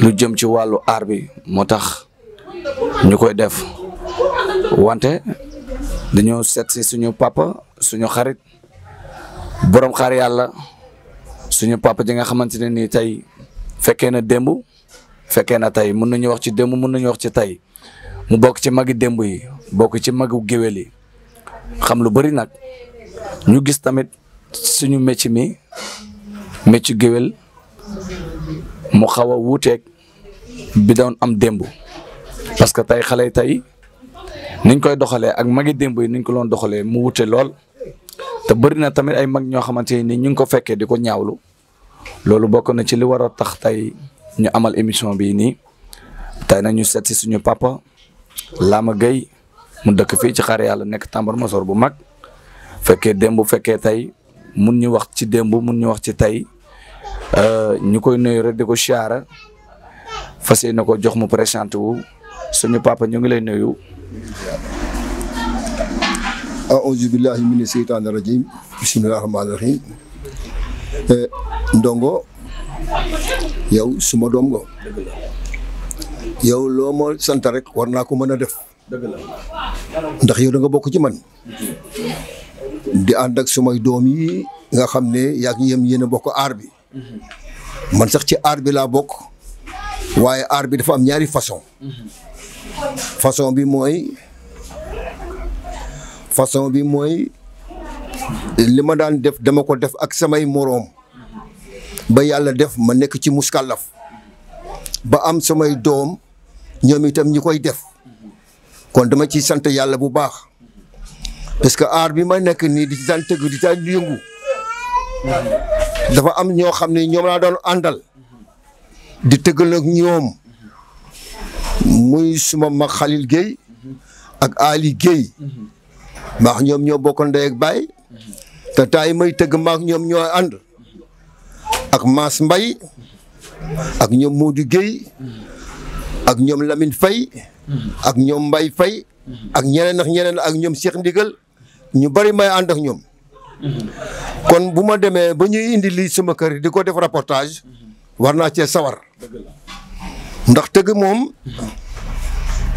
lu jëm ci wàllu aar bi moo tax ñu koy def wante dañoo seet si suñu papa suñu xarit boroom xaar yàlla suñu papa ji nga xamante ne nii tey fekkee na démb fekkee na tey mën nañu wax ci démb mën nañu wax ci tey mu bokk ci magi démb yi bokk ci magu géwél yi xam lu bari nag ñu gis tamit suñu métier mi métier géwél mu xaw a wuuteeg bi doon am démb parce que tey xale yi tey niñ koy doxalee ak magi démb yi nuñ ko doon doxalee mu wute lool te bëri na tamit ay mag ñoo xamante nii ñu ngi ko fekkee di ko ñaawlu loolu bokk na ci li war a tax tey ñu amal émission bii nii tey nag ñu seet si suñu papa Lama Gueye mu dëkk fii ci xaar yàlla nekk Tambacounda bu mag fekkee démb fekkee tey mun ñu wax ci démb mun ñu wax ci tey euh, ñu koy nuyu rek di ko siyaara fas yéene ko jox mu présenté wu suñu papa ñoo ngi lay nuyu. auzu billahi mina seytaani rajim bismillahi rahmaani rahim eh, ndongo yow suma doom nga yow loo ma sant rek war naa ko mën a def ndax yow da nga bokk ci man di ànd ak sumay doom yi nga xam ne yaa ngi yem yéen a bokk aar bi man sax ci aar bi laa bokk waaye aar bi dafa am ñaari façon façon bi mooy façon bi mooy li ma daan def dama ko def ak samay moroom ba yàlla def ma nekk ci muskàllaf ba am samay doom ñoom itam ñi koy def kon dama ci sant yàlla bu baax parce que art bi ma nekk nii di daan tëgg di daan yëngu dafa am ñoo xam ne ñoom laa doon àndal di tëggal ak ñoom muy suma mag Khalil Gueye ak Ali Gueye maax ñoom ñoo bokkoon ndey ak baay te taay tëgg maak ñoom ñoo ànd ak Mass Mbaye ak ñoom Modou Gueye ak ñoom Lamine Faye ak ñoom Mbaye Faye ak ñeneen ak ñeneen ak ñoom Cheikh Ndigal ñu bari may ànd ak ñoom kon bu ma demee ba ñuy indi lii suma kër di ko def reportage war naa cee sawar ndax tëgg moom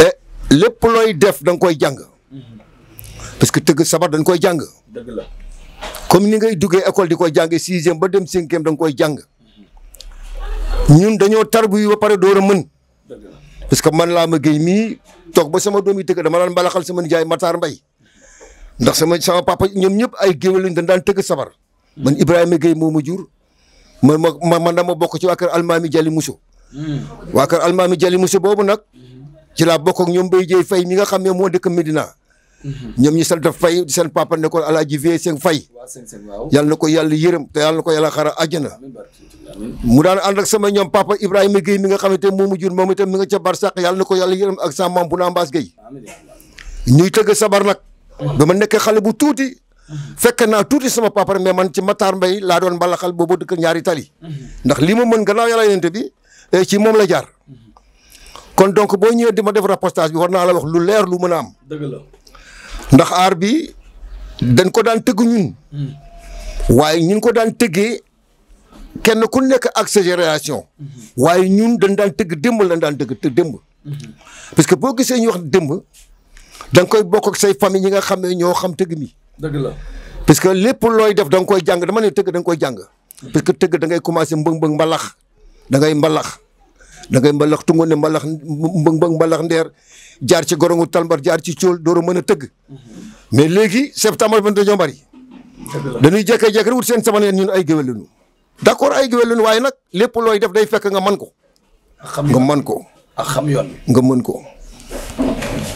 e lépp looy def da koy jàng parce que tëgg sabar dañ koy jàng comme ni ngay duggee école di koy jàng sixième ba dem cinquième da nga koy jàng ñun dañoo tarbu yi ba pare doo a mën parce que man laa ma géey mii toog ba sama doom yi tëgg dama daan mbalaxal sama nijaay mataar Mbay ndax sama sama papa ñoom ñëpp ay géwél lañ dañ daan tëgg sabar man Ibrahima Gueye moo ma jur man ma man dama bokk ci waa kër almaami Jali Muso. Hmm. waa kër almaami Jali Muso boobu nag. Hmm. ci la bokk ak ñoom Mbaye Dieye Faye mi nga xam ne moo dëkk Medina. Hmm. ñoom ñu sant Faye seen papa nekkoon Alaaji Vieux Seng Faye. yàlla na ko yàlla yërëm te yàlla na ko yàlla xara àjjana. mu daan an ak sama ñoom papa Ibrahima Gueye mi nga xamante moomu jur moom itam mi nga ca barsàq yàlla na ko yàlla yërëm ak sama maam bu naa Mbaas Gueye. ñuy tëgg sabar nag. ba ma nekk xale bu tuuti. fekk naa tuuti sama papa mais man ci mataar mbay laa doon mbalaxal boobu dëkk ñaari tali. ndax li ma mën nga gannaaw yàlla yonent bi eh, ci moom la jaar. kon donc boo ñëwee di ma def reportage bi war naa la wax lu leer lu mën a am. dëgg la ndax aar bi dañ ko daan tëgg ñun. waaye ñun ko daan tëggee kenn ku nekk ak sa waaye ñun dañ daan tëgg démb lañ daan tëgg te parce que boo gisee ñu wax démb dan koy bokk ak say famille ñi nga xam ne ñoo xam tëgg mi. dëgg la puisque lépp looy def da koy jàng dama ne tëgg da nga koy jàng. parce que tëgg da ngay commencé mbëng-mbëng mbalax da ngay mbalax da ngay mbalax tungo ne mbalax mbëng-mbëng mbalax ndeer jaar ci gorongu talmbar jaar ci cóol door a mën a tëgg. mais léegi septembre ba dañoo bari. dañuy jékkee-jékkee wut seen saman yeen ñun ay géwél lañu d' accord ay géwél waaye nag lépp looy def day fekk nga man ko. nga man ko. ak xam yoon nga mën ko.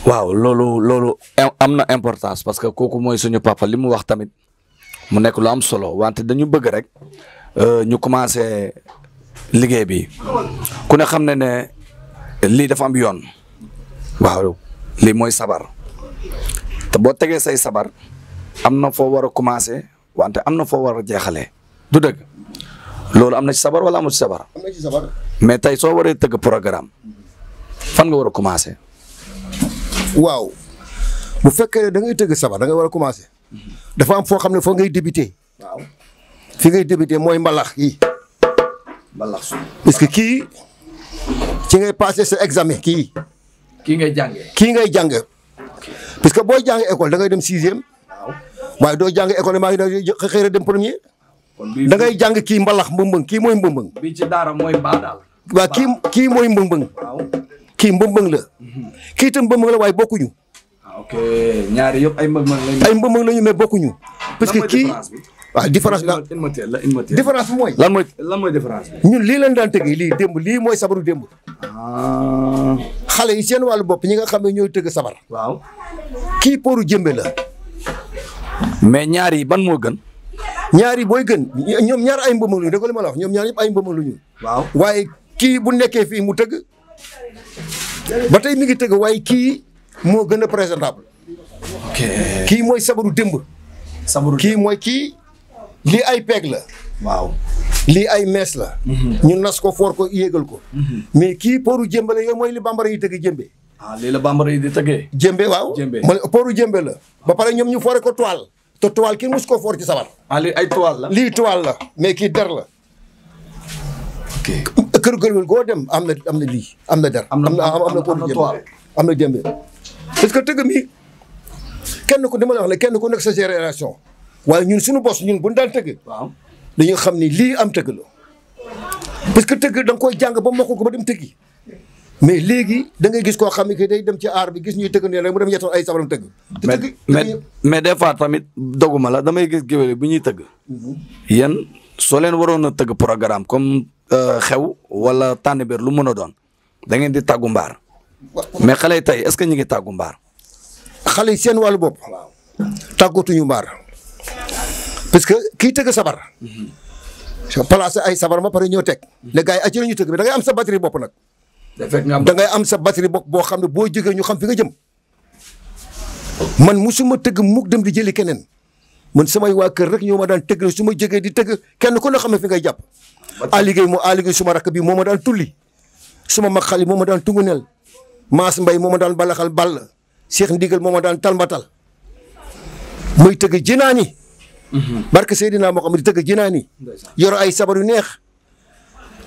waaw loolu loolu am na importance parce que kooku mooy suñu papa li mu wax tamit mu nekk lu am solo wante dañu bëgg rek euh, ñu commencé liggéey bi ku ne xam ne ne lii dafa am yoon waaw lii mooy sabar te boo tegee say sabar am na foo war a commencé wante am na foo war a jeexale du dëgg loolu am na ci sabar wala amul si sabar mais tey soo waree tëgg programme fan nga war a commencé waaw bu fekkee ne da ngay tëgg sabar da ngay war a commencer dafa am foo xam ne foo ngay débuter. fi ngay débuter mooy mbalax yi. mbalax su parce que kii ci ngay passer se examen kii. kii ngay jàngee kii ngay jàng parce que boo jàng école dangay ngay dem sixième. waaw waaye doo jàng école maa ngi doon xëy dem premier. da ngay jàng kii mbalax mbëmbëng kii mooy mbëmbëng. bi ci daara mooy baa daal. kii mooy mbëmbëng. kii mbëmbëng la. kii itam mbëmbëg la waaye bokkuñu. Ah, ok ñaari yëpp ay mbëmbëg lañu. ay mbëmbëg lañu mais bokkuñu. parce que kii waaw différence la différence bi mooy. lan mooy lan mooy lii lañ daan tëggee lii demb li mooy sabaru démb. Ah. xale yi seen wàllu bopp ñi nga xam ne ñooy tëgg sabar. waaw kii pooru jëmbe la. mais ñaar ban moo gën. ñaari yi booy gën ñoom ñaar ay mbëmbëg lañu dëgg ñoom ñaar yëpp ay mbëmbëg lañu. kii bu nekkee fii mu tëgg. ba tey mi ngi tëgg waaye kii moo gën a présentable. kii mooy sabaru démb. sabaru kii mooy kii lii ay peeg la. waaw lii ay mees la. Mhm. ñu nas ko foor ko yéegal ko. Mhm. mais kii pooru jëmbe la yooyu mooy li bambara yi tëgg jëmbe. ah lii la bambara yi di tëggee. jëmbe waaw jëmbe mooy la. ba pare ñoom ñu foore ko toile. te toile kenn mus koo foor ci sabar. Ah, lii ay toile la. lii toile la mais kii der la. kër kër goo dem am na am na lii am na der. am na am na am na jëmbe parce que tëgg kenn ku dama wax la kenn ku nekk sa génération waaye ñun suñu bos ñun bu ñu daan tëgg. waaw xam ni lii am tëgg la. parce que tëgg da nga jàng ba mokkul ko ba dem tëggi mais léegi da ngay gis koo xam ne que day dem ci aar bi gis ñuy tëgg ne dem yetoon ay sabaram mais des fois tamit doguma la damay gis géwél bu ñuy tëgg. Mhm. yéen soo leen waroon a tëgg programme comme. xew wala tànnbéer lu mën a doon da ngeen di tàggu mbaar. mais xale yi tey est ce que ñu ngi tàggu mbaar. xale yi seen wàllu bopp. tàggatuñu mbaar. parce que kii tëgg sabar. placé ay sabar ma pare ñoo teg. les gars yi àcc nañu tëgg bi am sa batterie bopp nag. da ngay am sa batterie bopp boo xam ne boo jógee ñu xam fi nga jëm. man ma tëgg mu dem di jëli keneen. man samay waa kër rek ñoo ma daan tëgg su ma jógee di tëgg kenn ku ne xam ne fi ngay jàpp. aligéey moo aligéey suma rakk bi moo ma daan tulli suma mag xali moo ma daan tunguneel maas mbay moo ma daan balaxal ball seex ndigal moo ma daan talmbatal muy tëgg jinaani mhm. barke Seydina moo xam ne tëgg jinaani yoro ay sabar yu neex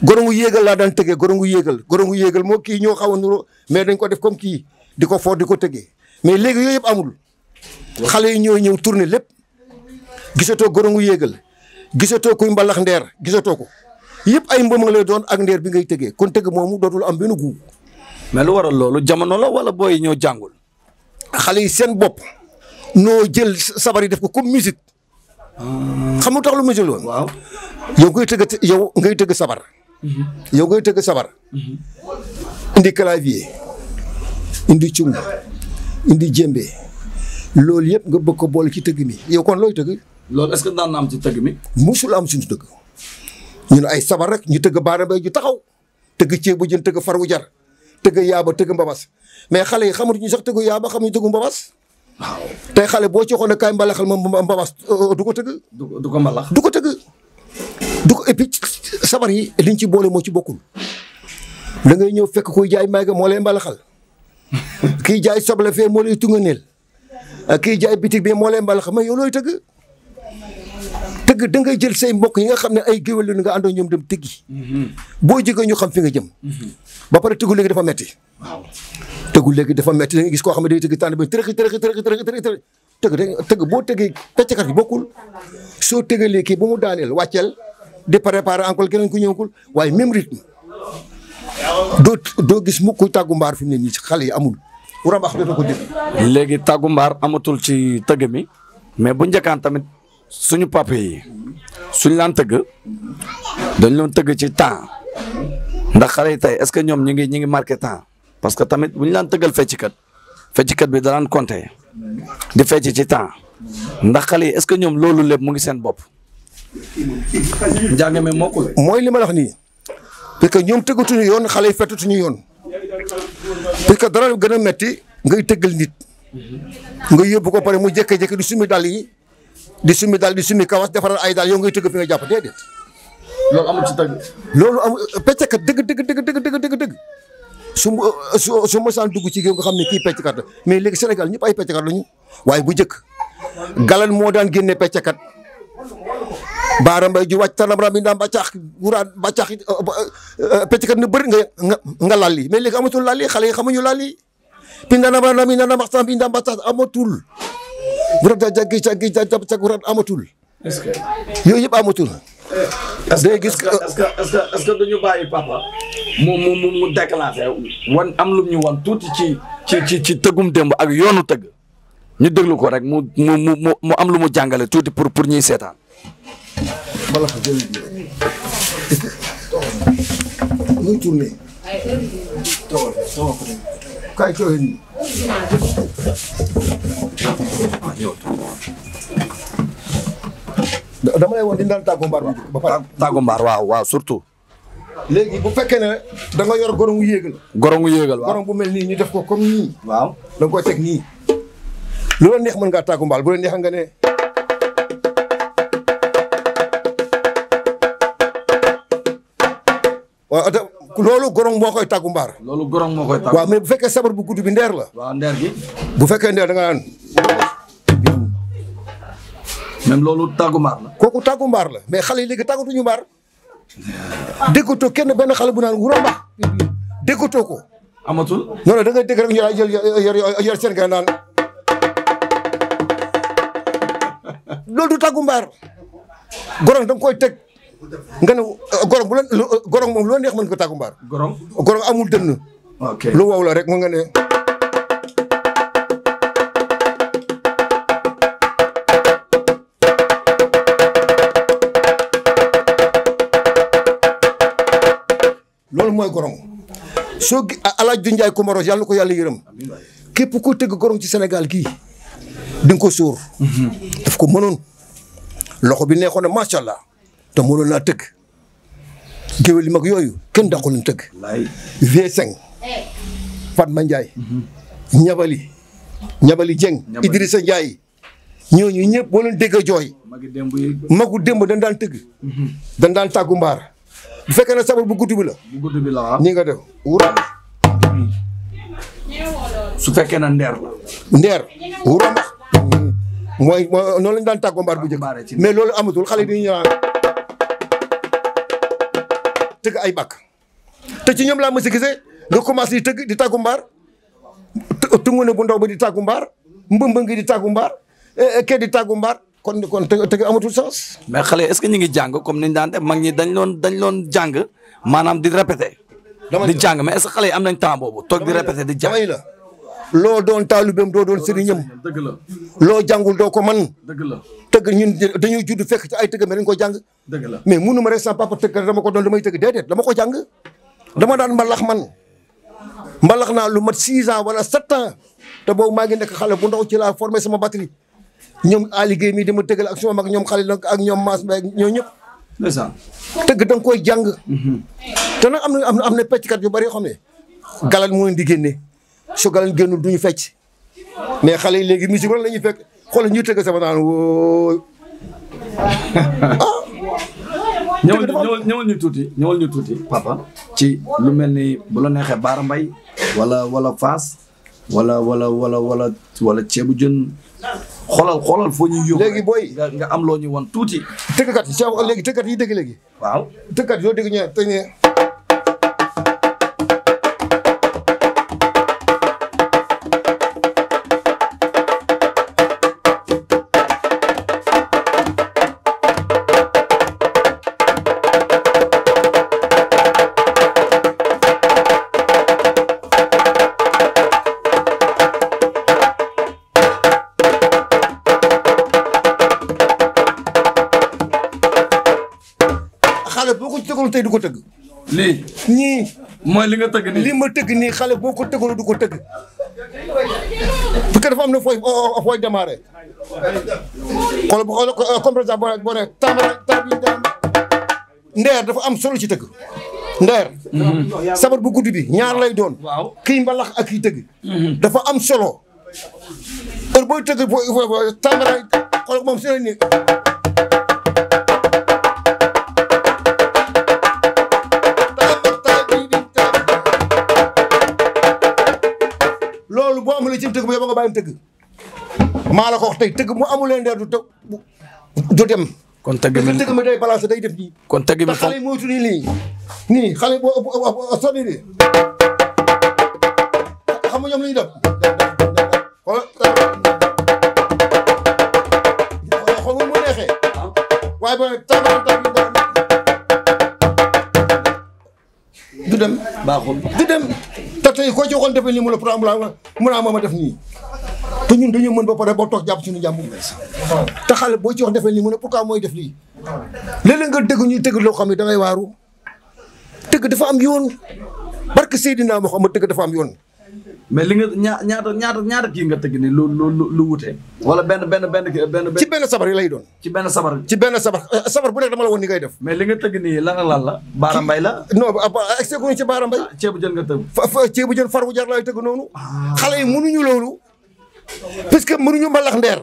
gorongu yéegal laa daan tëggee gorongu yéegal gorongu yéegal moo kii ñëw xaw a nuroo mais dañ ko def comme kii di ko foo di ko tëggee mais léegi yëpp amul xale yi ñooy ñëw tourner lépp gisatoo gorongu yéegal gisatoo kuy mbalax ndeer gisatoo ko yëpp ay mbëma lay doon ak ndeer bi ngay tëgee kon tëgg moomu dootul am benn gu. mais lu waral loolu jamono la wala booy ñoo jàngul. xale yi seen bopp noo jël sabar yi def ko comme musique. Ah. xam nga tax lu musique loolu. waaw yow ngay tëgg yow ngay tëgg sabar. Mm-hmm. yow ngay tëgg sabar. Mm-hmm. indi clavier indi cung indi jembe loolu yëpp nga bëgg ko boole ci tëgg mi yow kon looy tëgg. loolu est-ce que daan na am ci tëgg mi. musul am suñu tëgg ñun ay sabar rek ñu tëgg baara bay ñu taxaw tëgg ceebu jën tëgg faru jar tëgg yaaba tëgg mbabas mais xale yi xamatuñu sax tëggu yaaba xamuñu tëggu mbabas. waaw tey xale boo ci waxoon ne kaay mbalaxal ma mbabas euh, du ko tëgg. du ko du du ko tëgg. du ko et puis sabar yi liñ ci boole moo ci bokkul da ngay ñëw fekk kuy jaay mayga moo lay mbalaxal kii jaay soble fee moo lay tunganeel kii jaay bitig bi moo lay mbalaxal mais yow looy tëgg. tëgg da ngay jël say mbokk yi nga xam ne ay géwél la nga àndoo ñoom dem tëggi. Mhm. boo jógee ñu xam fi nga jëm. Mhm. ba pare tëggu léegi dafa metti waaw tëggu léegi dafa metti da nga gis koo xam ne day tëgg tànn ba tërëxi tërëxi tërëxi tërëxi tëgg da tëgg boo tëggee pecckat bi bokkul soo tëggalee kii ba mu daaneel wàcceel di préparer encore keneen ku ñëwagul waaye même rythme doo doo gis mukk tàggu mbaar fi mu ne nii yi amul. rambax doo ko dégg. léegi tàggu mbaar amatul ci tëgg mi mais bu njëkkaan tamit suñu papa yi suñ laan tëgg dañ loon tëgg ci temps ndax xale yi tey est-ce que ñoom ñu ngi ñu ngi marqué temps parce que tamit bu ñu laan tëggal feccikat feccikat bi danaan compter di fecc ci temps ndax xale yi est-ce que ñoom loolu lépp mu ngi seen bopp. njàng mi mokkul mooy li ma la wax nii parce que ñoom tëggatuñu yoon xale yi fettatuñu yoon parce que dara gën a metti ngay tëggal nit nga yóbbu ko pare mu jékki-jékki di sumi dàll yi. di summi daal di summi kawas defaral ay daal yoo ngay tëgg fi nga jàpp déedéet. loolu amul ci tëgg. loolu amul pecckat dëgg dëgg dëgg dëgg dëgg dëgg uh, su su mosaan dugg ci géew nga xam ne kii pecckat la mais léegi senegal ñëpp ay pecckat lañu waaye bu njëkk galan moo daan génne pecckat baara mbay ju wàcc tanam bi yi daan bàccaax wuraan bàccaax uh, uh, pecckat na bëri nga nga laal yi mais léegi amatul laal lii xale yi xamuñu laal lii pindanam ram yi daan baxtaan bi daan bàccaax amatul bu doon daal jaggi jaggi jaggi amatul. est-ce que yooyu yëpp amatul. day gis que est-ce que est-ce que duñu bàyyi papa mu mu mu déclenché wan am lu ñu wan tuuti ci ci ci ci tëggum démb ak yoonu tëgg ñu déglu ko rek mu mu am lu mu jàngale tuuti pour pour ñuy seetaan. dama lay woon di daan tàggu mbaar ba pare. tàggu waaw waaw surtout. léegi bu fekkee ne da yor gorongu yéegal. gorongu yéegal bu mel nii ñu def ko comme nii. waaw da nga koy teg nii. lu la neex mën ngaa tàggu bu la neex ne. loolu gorong moo koy tàggu mbaar. loolu gorong moo waaw mais bu fekkee sabar bu guddi bi ndeer la. waaw gi. bu fekkee ndeer da nga loolu tàggu mbaar la. kooku tàggu mbaar la mais xale yi léegi tàggatuñu mbaar. déggatoo kenn benn xale bu naan wura mbax déggatoo ko. amatul. non non da ngay dégg rek ñu daal jël yor seen gars naan loolu du tàggu mbaar gorong da nga koy teg. nga ne euh, gorong bu la euh, gorong moom loo neex mën ko tàggu mbaar. gorong gorong amul dënn. ok lu wow la rek mu nga ne. loolu mooy gorong soo gi Alaaji Ndiaye Coumba Rose ko yàlla yërëm képp ku tëgg gorong ci Sénégal gii di ko sóor. Mhm. daf ko mënoon loxo bi neexoon na macha allah. te mënoon naa tëgg géwél yi mag yooyu kenn dàqu leen tëgg. V5. Fatma Ndiaye. ñabali ñabali Dieng. Idrissa Ndiaye. ñooñu ñëpp boo leen dégg a jooy. magu démb dañ daan tëgg. Mhm. dañ daan tàggu mbaar. bu fekkee ne sabar bu gudd bi la. bu gudd bi la ah. nii nga def wuraam. su fekkee na ndeer la. ndeer wuraam mooy noonu lañ daan loolu amatul xale ñaan tëgg ay bàkk te ci ñoom laa ma a gisee nga commencé di tëgg di tàggu mbaar tungu ne bu ndaw ba di tàggu mbaar mbëmbë ngi di tàggu mbaar eh, eh, kee di tàggu mbaar kon kon tëgg amatul sens. mais xale est-ce que ñu ngi jàng comme ni daan def mag ñi dañ loon dañ loon jàng maanaam di répété. di jàng mais est xale yi am nañ temps boobu toog di répété di jàng. loo doon taalibeem doo doon sëriñam loo jàngul doo ko man tëgg ñun dañuy judd fekk ci ay tëgg mais dañ ko jàng mais munu ma rek sama papa tëgg dama ko doon damay tëgg déedéet dama ko jàng dama daan mbalax man mbalax naa lu mat six ans wala sept ans te boobu maa nekk xale bu ndaw ci laa formé sama batterie ñoom Aliou Guèye mii dama tëggal ak suma mag ñoom xale ak ñoom Mass Mbaye ñoo ñëpp tëgg da nga koy jàng mhm. te nag am na am na pecckat yu bari yoo xam ne galal moo di génne sugalan du duñu fecc mais xale yi léegi musique wala la ñuy fekk xoolal ñuy tëgg sama naan woo ah. ñëwal ñëwal ñu tuuti ñëwal ñu tuuti papa ci lu mel ni bu la neexee Baara Mbay wala wala Faas wala wala wala wala wala ceebu jën xoolal xoolal foo ñuy yóbbu léegi booy nga am loo ñu wan tuuti tëggkat yi léegi tëggkat yi dëgg léegi waaw tëggkat yoo dëgg ñe te tey ko tëgg. lii. ñii. li nga tëgg nii li ma tëgg boo ko tëggaloo du ko tëgg. parce que dafa am na oh, oh, bu xool euh, comme par exemple solo ci tëgg. ndeer mhm. sabar bu guddi bi ñaar lay doon. kii mbalax ak kii tëgg. Mhm. dafa am solo. heure booy tëgg boo moom su ne nii. boo amulee ci tëgg bu yóbbu nga bàyyi tëgg maa la ko wax tey tëgg mu amulee ndeer du tëgg du dem. kon tëgg mi tëgg mi day balancé day def nii. kon tëgg mi xale yi moytu nii nii nii xale boo sonni nii xam nga ñoom la ñuy def. xool mu neexee. waaye ba tàmbali du dem. baaxul du dem. tey koo ci waxoon defal nii mu ne pourtant mu naa ma def nii te ñun dañoo mën ba pare boo toog jàpp suñu jàmm bu bees te xale boo ci wax defal nii mu ne pourquoi mooy def nii léeg nga dégg ñuy tëgg loo xam ne da ngay waaru tëgg dafa am yoon barke Seydina ma tëgg dafa am yoon mais li nga ñaa ñaata ñaata ñaata kii nga tëgg ni lu lu lu wutee wala benn benn benn benn ci benn sabar yi lay doon ci benn sabar ci benn sabar eh, sabar bu nekk dama la woon ni ngay def mais li nga tëgg nii lan lan la baara mbay la no accès ko ci baara mbay ah, ceebu jën nga tëgg ceebu jën far bu jar laay tëgg noonu ah. xale yi mënuñu loolu parce que mënuñu mbalax ndeer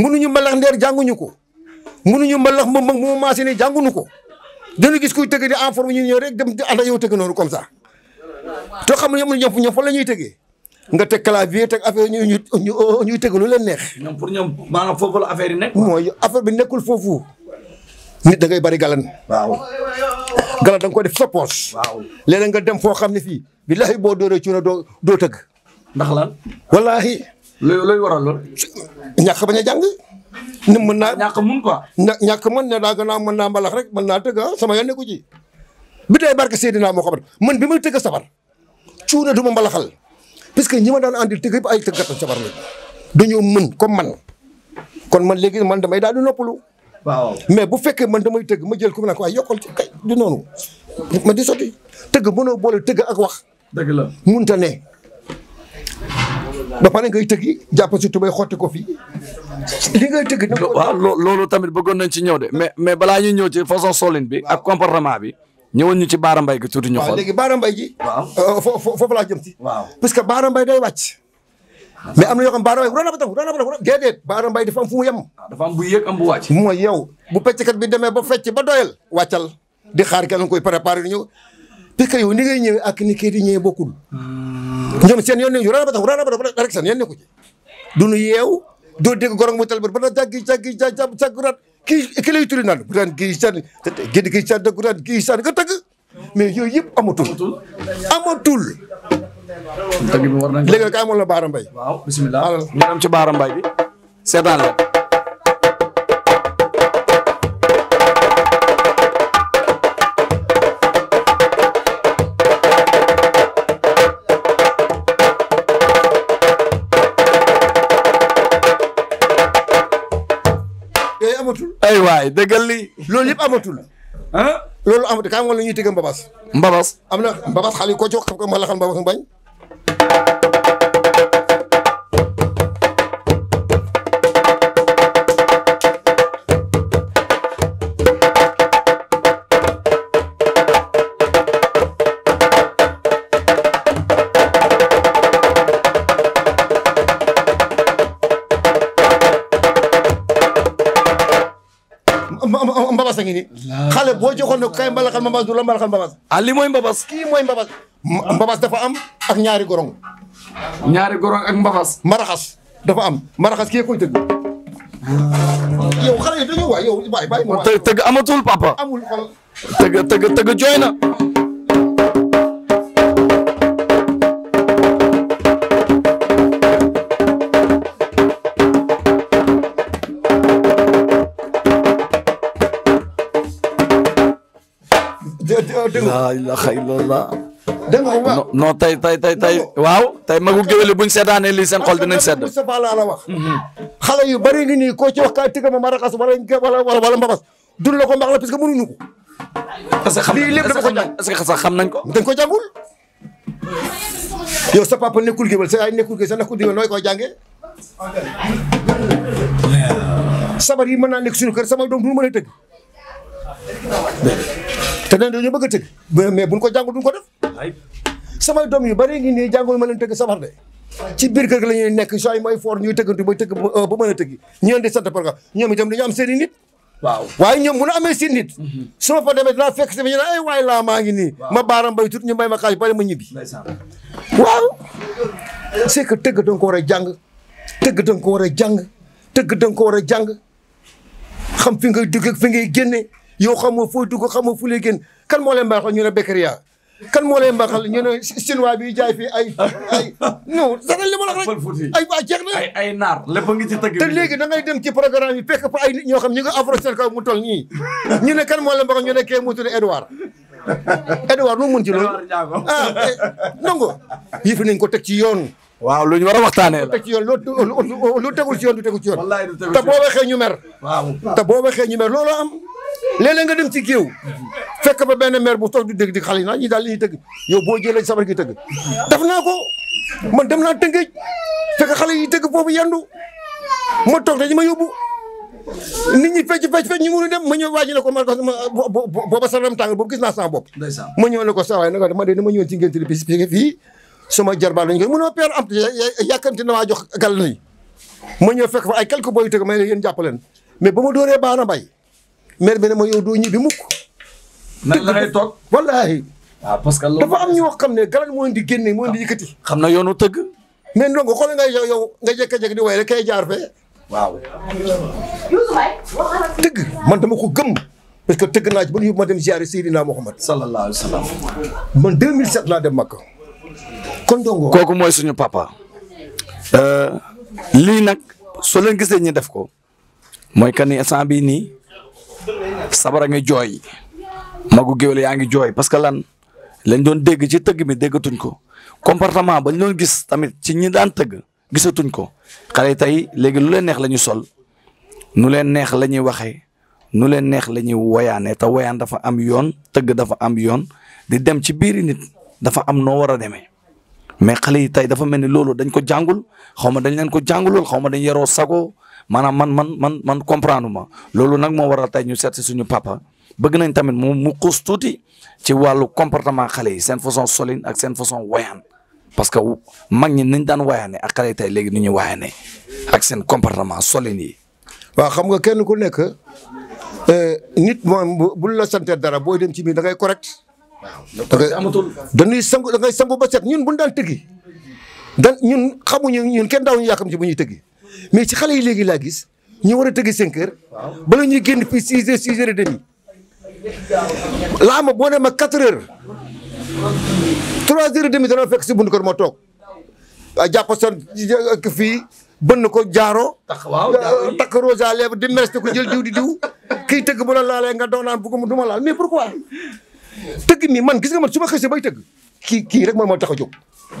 mënuñu mbalax ndeer jànguñu ko mënuñu mbalax moom mag moom maasini jànguñu ko dañu gis kuy tëgg di en forme ñu ñëw rek dem ànd ak yow tëgg noonu comme ça te xam nga ñoom ñoom fan la ñuy tegee. nga teg clavier teg affaire ñuy ñu ñuy teg lu leen neex. ñoom pour ñoom maanaam foofu la affaire yi mooy affaire bi nekkul foofu. nit da ngay bari galan. waaw. galan da ko def sa poche. waaw léeg nga dem foo xam ne fii. billahi boo dooree cuuna doo doo tëgg. ndax lan. wallaahi. looy looy waral lool. ñàkk bañ a jàng. ni mën naa ñàkk mun quoi. ña ñàkk mën ne daa gannaaw mën naa mbalax rek mën naa tëgg ah, sama yoon nekku ci. bi tey barke Seydina Mohamed man bi may tëgg sabar cuune du ma mbalaxal parce que ñi ma daan àndil tëgg yëpp ay tëggatu sabar la dañoo mën comme man kon man léegi man damay daal di noppalu. waaw mais bu fekkee man damay tëgg ma jël ku ne ko ay yokkal ci kay du noonu ma di sotti tëgg mënoo boole tëgg ak wax. dëgg la munta ne. ba pare ngay tëggi jàpp si tubay xotti ko fi li ngay tëgg. waaw loolu tamit bëggoon nañ ci ñëw de mais mais balaa ñuy ñëw ci façon solin bi ak comportement bi. ñëwoon ñu ci Baara Mbaye gi tuuti ñu xool. waaw léegi Baara Mbaye gi. waaw euh, foofu laa jëm ci. waaw parce que Baara Mbaye day wàcc. mais am na yoo xam Baara Mbaye bu doon nabatoo bu doon nabatoo dafa am fu mu yem. bu ah, yéeg am bu demee ba fecc ba doyal wàccal di xaar kenn koy préparé di ñëw parce que yow ni ngay ñëwee ak ni kii di ñëwee bokkul. Hmm. ñoom seen yoon nañu rajo rajo rajo rek seen yoon nekku ci. du nu yeew doo dégg gorog mu tal ba dana jaggi jaggi jaggi rat kii ki lay turi naan Bougane Gueye Dany génn Gueye Dany Bougane Gueye Dany nga tagg mais yooyu yëpp amatul amatul léegi nag amoon na Baara Mbaye waaw bismillah ñu dem ci Baara Mbaye bi seetaan la amatul. ay waay dëggal li loolu yëpp amatul. ah loolu amatul xam nga lu ñuy tëgg mbabas. mbabas am na mbabas xale yi koo ci wax xam nga mbabas mu mbabas a ngi nii. xale boo joxoon ne kay mbalaxal mbabas du la mbalaxal mbabas. ah li mooy mbabas. kii mooy mbabas. mbabas dafa am ak ñaari gorong. ñaari gorong ak mbabas. maraxas dafa am maraxas kii koy tëgg. yow xale amatul papa. amul xol. dégg nga la xaylallah. dégg nga waaw non non tey tey tey tey. waaw tey magu géwél buñ seetaanee lii seen xol dinañ sedd. Moustapha laa la wax. Mhm. xale yu bëri ngi nii koo ci wax kaa tigga ma ma raxas wala wala wala mbabas dun la mbax la parce que mënuñu ko. parce que xam nañ est-ce que sax xam nañ ko. dañ ko jàngul. yow sa papa nekkul géwél sa yaay nekkul géwél sa nekkul géwél nooy koy jàngee. sabar yi mën naa nekk suñu kër sama doom du ma a tëgg. te nee dañoo bëgg a tëgg mais buñ ko jàngul duñ ko def samay doom yu bari ngi nii jàngul ma leen tëgg sabar de ci biir kër gi la ñuy nekk sooy mooy foor ñuy tëggantu ba tëgg ba mën a tëggi ñeen di sant parga ñoom itam dañu am seen i nit waaw waaye ñoom bu ñu amee seen nit mhm. su ma fa demee dinaa fekk si ñu ne ay waay laa maa ngi nii ma baaram bay tut ñu may ma xaaj bari ma ñibbi waaw c'est que tëgg danga ko war a jàng tëgg dëng ko war a jàng tëgg danga ko war a jàng xam fi ngay dugg ak fi ngay génne yow xamoo foo dugg xamoo fu lay génn kan moo leen baaxal ñu ne Beccaria kan moo leen baaxal ñu ne chinois bi jaay fii ay ay non dara li ma la wax na ay ay naar ci tëgg te yi fekk fa ay ñoo xam ñu nga afro ne kan moo leen baaxal ñu ne kee mu tudd Edouard Edouard nu mu ah, eh, nañ ko teg ci yoon waaw lu ñu war a waxtaanee la teg ci yoon lu tegul ci yoon du tegul ci yoon te boo waxee loolu am léeg nga dem ci géew fekk ba benn meer bu toog di dégg di xale yi naa ñi daal li ñuy tëgg yow boo jëlee sabar gi tëgg def naa ko man dem naa tëngeej fekk xale yi tëgg foofu yandu ma toog dañu ma yóbbu nit ñi fecc fecc fecc ñu mënu dem ma ñëw waaji ne ko ma booba saram tàng boobu gis naa sama bopp ma ñëw ne ko sa waay nanga ma dee dama ñëwoon ci ngénte li bis fii sama jarbaal dañ koy mënoo peer am yàkkamti na maa jox gal nañ ma ñëw fekk fa ay quelques booy tëgg may ne yéen jàppaleen mais ba ma dooree baana bay maire bi ne ma yow doo ñibbi mukk. nan la ngay toog wallaahi. Ah, parce que dafa am ñoo xam ne galan moo di génne moo di yëkkati. xam na yoonu tëgg. mais ndongo xool nga yow nga jékki-jékki di way rek kay jaar fee. waaw. tëgg man dama ko gëm. parce que tëgg naa ci ñu ma dem ziare Seydina Mohamed. sallallahu alayhi wa sallam. man 2007 laa dem Makka. kon ndongo kooku mooy suñu papa. Euh, lii nag soo leen gisee ñu def ko. mooy kan ni instant bii nii. sabara ngi jooy magu géwél yaa ngi jooy parce que lan lañ doon dégg ci tëgg mi déggatuñ ko comportement bañ doon gis tamit ci ñi daan tëgg gisatuñ ko xale yi tey léegi lu leen neex la ñu sol nu leen neex la ñuy waxee nu leen neex la ñuy woyaane te woyaan dafa am yoon tëgg dafa am yoon di dem ci biir nit dafa am noo war a demee mais xale yi tey dafa mel ni loolu dañ ko jàngul xaw ma dañ leen ko jàngulul xaw ma dañ yaroo sago maanaam man man man man comprendre loolu nag moo waral tay ñu seet si suñu papa bëgg nañ tamit mu mu xuus tuuti ci wàllu comportement xale yi seen façon solin ak seen façon wayaan parce que mag ñi niñ daan wayaane ak xale yi léegi nu ñu wayaane ak seen comportement solin yi. waaw xam nga kenn ku nekk euh, nit moom bu la santee dara booy dem ci biir da ngay correct. da ngay amatul dañuy sangu da ngay sangu ba set ñun bu ñu daan tëggi. dan ñun xamuñu ñun kenn daawuñu yàkkam ci bu ñuy tëggi. mais ci xale yi léegi laa gis ñu war a tëgg cinq heures bala ñuy génn fii six heures six heures et demi laa ma boo ne ma quatre heures trois heures et demi dana fekk si bundu kër moo toog a ah, jàpp son fii bënn ko jaaro takk rosa lèvre di mees ko jël diw di diw ki tëgg bu la laalee nga doon naan bëgguma du ma laal mais pourquoi tëgg mi man gis nga man su ma xësee bay tëgg kii kii rek man moo tax a jóg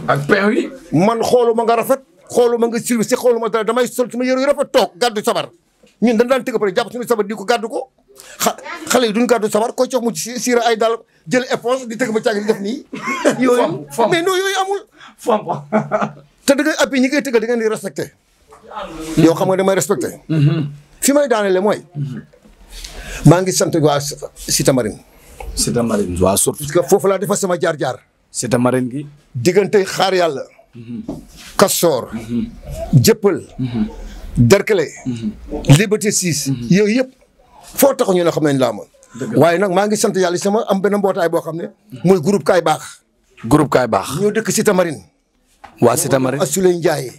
ak peew yi man xooluma nga rafet xooluma nga service xooluma dara damay sol su ma yëre yu rafet toog gàddu sabar ñun dañ daan tëgg pare jàpp di ko gàddu ko xa xale duñ gàddu sabar ko cox mu ci siira ay daal jël éponge di tëgg ba caag di def nii. yooyu mais non yooyu amul. fomp te da ngay appui ñi ngay tëggal da ngeen di respecté. yow xam nga damay respecté. Mm-hmm. fi may daanelee mooy. Mm-hmm. maa ngi sant waa Cité Marine. Cité Marine waaw surtout. parce que foofu laa defar sama jaar jaar. Cité Marine gi. diggante xaar yàlla. Kastoor. Jëppal. Derkele. Liberté 6. yooyu yëpp foo taxu ñu ne xam nañ laa ma waaye nag maa ngi sant yàlla sama am benn mbootaay boo xam ne. muy groupe Kaay Baax. groupe Kaay Baax. ñoo dëkk Cité Marine. waa Cité Marine ñoom Asulay Ndiaye.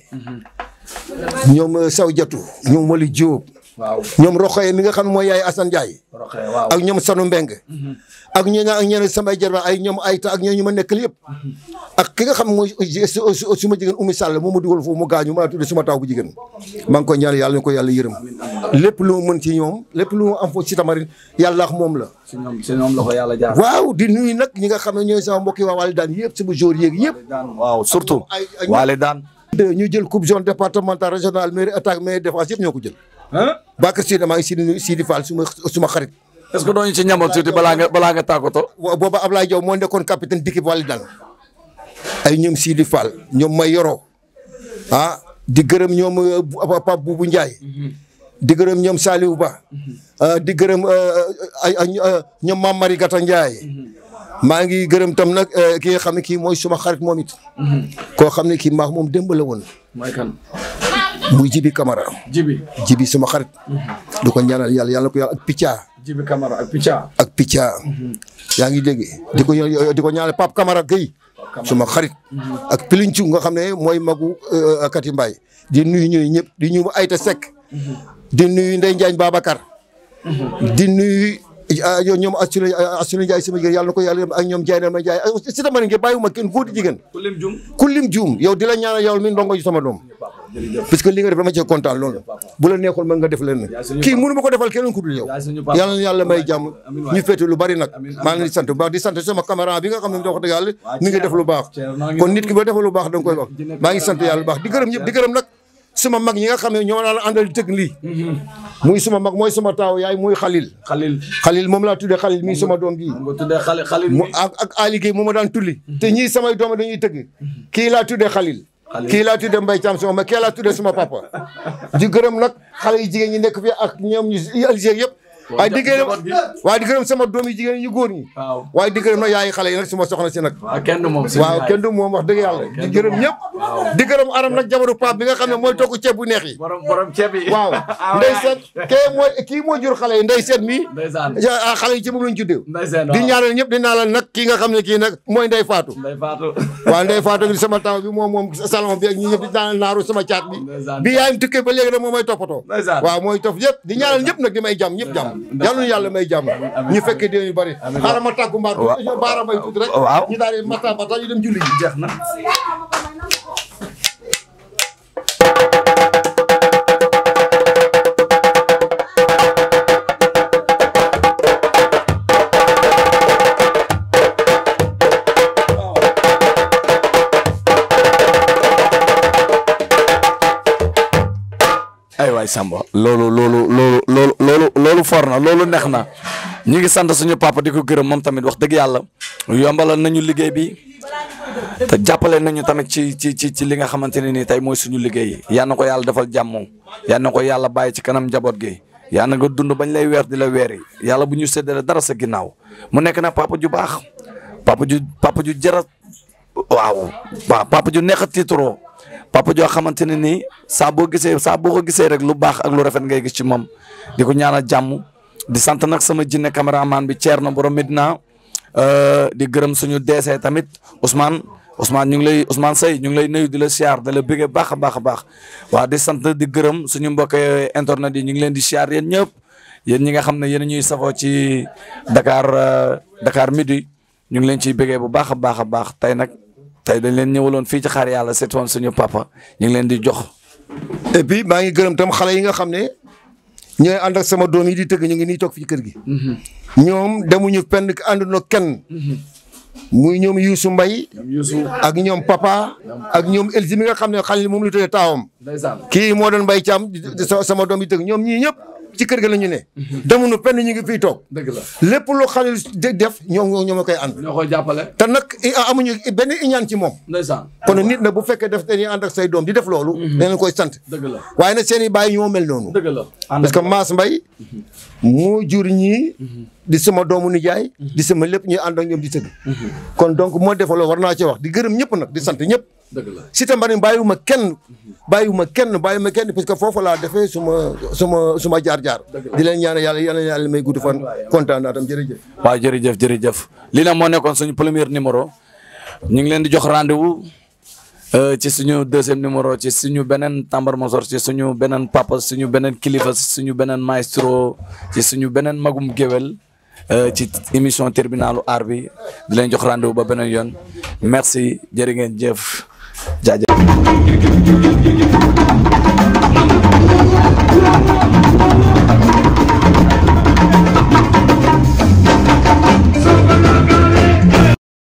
ñoom euh, Saw Jatu ñoom Wali Diop. waaw ñoom Roqe mi nga xam mooy yaay Assane Ndiaye. waaw ak ñoom Sanu Mbeng mhm. ak ñooñu ak ñeneen samay jarba ay ñoom Ayta ak ñooñu ma nekkal yëpp. Mhm. ak ki nga xam mooy su ma jigéen Oumy Sall moom mu dugal foofu mu gaañu maa tudd suma taw bu jigéen. maa ngi lépp lu mu mën ci moom la. si ñoom si ñoom la ko yàlla jaar. waaw di nuyu nag ñi nga xam ne ñooy sama mbokk yi waa Waale Daan yëpp sama jour yeeg yëpp. waaw surtout Waale Daan. ñu jël coupe zone départementale régionale mairie attaque mairie défense yëpp ñoo ko jël Bakar Sidi maa ngi Sidi Sidi Fall suma suma xarit. est que dooñu si ñamal tuuti balaa nga balaa nga tàggatoo. booba moo nekkoon capitaine d'équipe wàllu dal ay ñoom Sidi Fall ñoom may yoroo ah di gërëm ñoom euh, Pape Boubou Ndiaye. di gërëm ñoom Saliou Ba. Euh, di gërëm euh, ay ñoom Mame Marie Gata Ndiaye. maa ngi gërëm tam nag ki nga xam ne kii mooy suma xarit moom it. Mhm. koo xam ne kii maax moom démb la woon. muy jibi Camara. jibi jibi suma xarit. Mhm. du ko ñaanal yàlla yàlla na ko yàlla ak Picca. jibi Camara ak ak Picca. Mhm. yaa ngi dégg di ko di ko ñaanal Pape Camara Gueye. suma xarit. Mhm. ak Pilincu nga xam ne mooy magu euh, Kati Mbaay di nuyu ñuy ñëpp di nuyu Ayta Seck. di nuyu Ndeye Njaañ Babacar. di nuyu ñoom assuré assuré Ndiaye sama jigéen yàlla na ko yàlla dem ak ñoom jaay na ma jaay si tamit ngeen bàyyiwuma kenn góor di jigéen kulim juum juum yow di la ñaanal yow mi ndongo ji sama doom parce que li nga def dama cee kontaan loolu bu la neexul mën nga def leen kii mënu ma ko defal keneen ku dul yow yàlla na may jàmm ñu féete lu bari nag maa ngi leen di baax di sant sama caméra bi nga xam ne mi ngi def lu baax lu baax di gërëm nag sama mag ñi nga xam ne ñoo naan muy suma mag mooy suma taaw yaay muy xalil. xalil xalil moom laa tuddee xalil muy suma doom bii. nga tuddee xali xalil mu ak ak Ali Guèye ma daan tulli. Mhm. te ñi sama doom dañuy tëgg. Mhm. kii laa tuddee xalil. kii laa tuddee Mbaye Thiam suma ma kii laa tuddee suma papa. di gërëm nag xale yu jigéen ñi nekk fii ak ñoom ñu Algérie yëpp. waaye di gërëm waaye di gërëm sama doom yi jigéen ñu góor ñi waaye di gërëm nag xale yi nag suma soxna si nag waaw kenn du moom wax dëgg yàlla di gërëm ñëpp di gërëm aram nag jabaru paap nga xam ne mooy togg ceeb bu neex yi ah, kii moo jur xale yi ndey seet mi ah, xale yi ci moom lañ juddee di ñaanal nga xam ne kii nag mooy ndey faatu waaw ndey faatu sama taw bi moom moom salon bi ak ñi ñëpp di naanal naaru sama caat bi bi yaayam tukkee ba léegi nag moom mooy toppatoo waaw mooy topp yëpp di ñaanal ñëpp nag di may jàmm ñëpp jàmm yàlla na yàlla may jàmm ñu fekkee dee ñu bari xaaral ma tàggu mbaar baara may tuuti rek ñu daal di mata mata ñu dem julli ji waay Samba loolu loolu loolu loolu loolu loolu for na loolu neex na ñu ngi sant suñu papa di ko gërëm moom tamit wax dëgg yàlla yombalal nañu liggéey bi te jàppale nañu tamit ci ci ci ci li nga xamante ne nii tey mooy suñu liggéey yal na ko yàlla defal jàmm yal na ko yàlla bàyyi ci kanam njaboot gi yal na nga dund bañ lay weer di la weeri yàlla bu ñu séddale dara sa ginnaaw mu nekk na papa ju baax papa ju papa ju jara waaw waaw papa ju neex a tiituroo papa joo xamante ne nii saa boo gisee saa boo ko gisee rek lu baax ak lu rafet ngay gis ci moom di ko ñaanal jàmm di sant nag sama jinne caméraman bi Thierno borom Medina euh, di gërëm suñu DC tamit Ousmane Ousmane ñu ngi lay Ousmane Seye ñu ngi lay nuyu di la siyaar da la bëggee baax a baax a baax waaw di sant di gërëm suñu mbokk internet yi ñu ngi leen di siyaar yéen ñëpp yéen ñi nga xam ne yéen ñuy safoo ci Dakar euh, Dakar midi ñu ngi leen ciy bëggee bu baax a baax a baax tey nag. tey dañ leen ñëwaloon fii ci xaar yàlla seetoon suñu papa ñu ngi leen di jox. et puis maa ngi gërëm tam xale yi nga xam ne ñooy ànd sama doom yi di tëgg ñu ngi nii toog fii kër gi. Mm-hmm. ñoom demuñu penn àndandoo kenn. Mm-hmm. muy ñoom Youssou Mbaye ak ñoom Papa ak ñoom Elzi mi nga xam ne xale moom la ñu tuddee ki kii moo doon Mbaye Thiam sama doom yi tëgg ñoom ñii ñëpp. ci kër ga la ñu ne. demuñu penn ñu ngi fiy toog. dëgg la lépp loo xam ne def ñoom ñoom koy ànd. ñoo koy jàppale. te nag amuñu benn iñaan moom. ndeysaan kon nit na bu fekkee def dañuy ànd ak say doom di def loolu. Mhm. danañ koy sant. dëgg la waaye na seen i baay ñoo mel noonu. dëgg la parce que Mass Mbaye mhm. moo jur ñi mhm. di sama doomu nijaay. Mhm. di sama lépp ñuy ànd ak ñoom di tëgg. Mhm. kon donc moo defaloo war naa ci wax di gërëm ñëpp nag di sant ñëpp. dëgg la Cité Mbarine bàyyiwuma kenn. Mhm. bàyyiwuma kenn bàyyiwuma kenn parce que foofu laa defee suma suma suma jaar-jaar. di leen ñaanal yàlla yàlla yàlla may gudd fan kontaan naa tam jërëjëf. waaw jërëjëf jërëjëf lii nag moo nekkoon suñu premier numéro ñu ngi leen di jox rendez-vous euh, ci suñu deuxième numéro ci suñu beneen Tambar Monsor ci suñu beneen papa suñu beneen kilifa suñu beneen maestro ci suñu beneen magum géwél Euh, ci émission tribunalu aar bi di leen jox rendez ba beneen yoon merci jërë ngeen jëf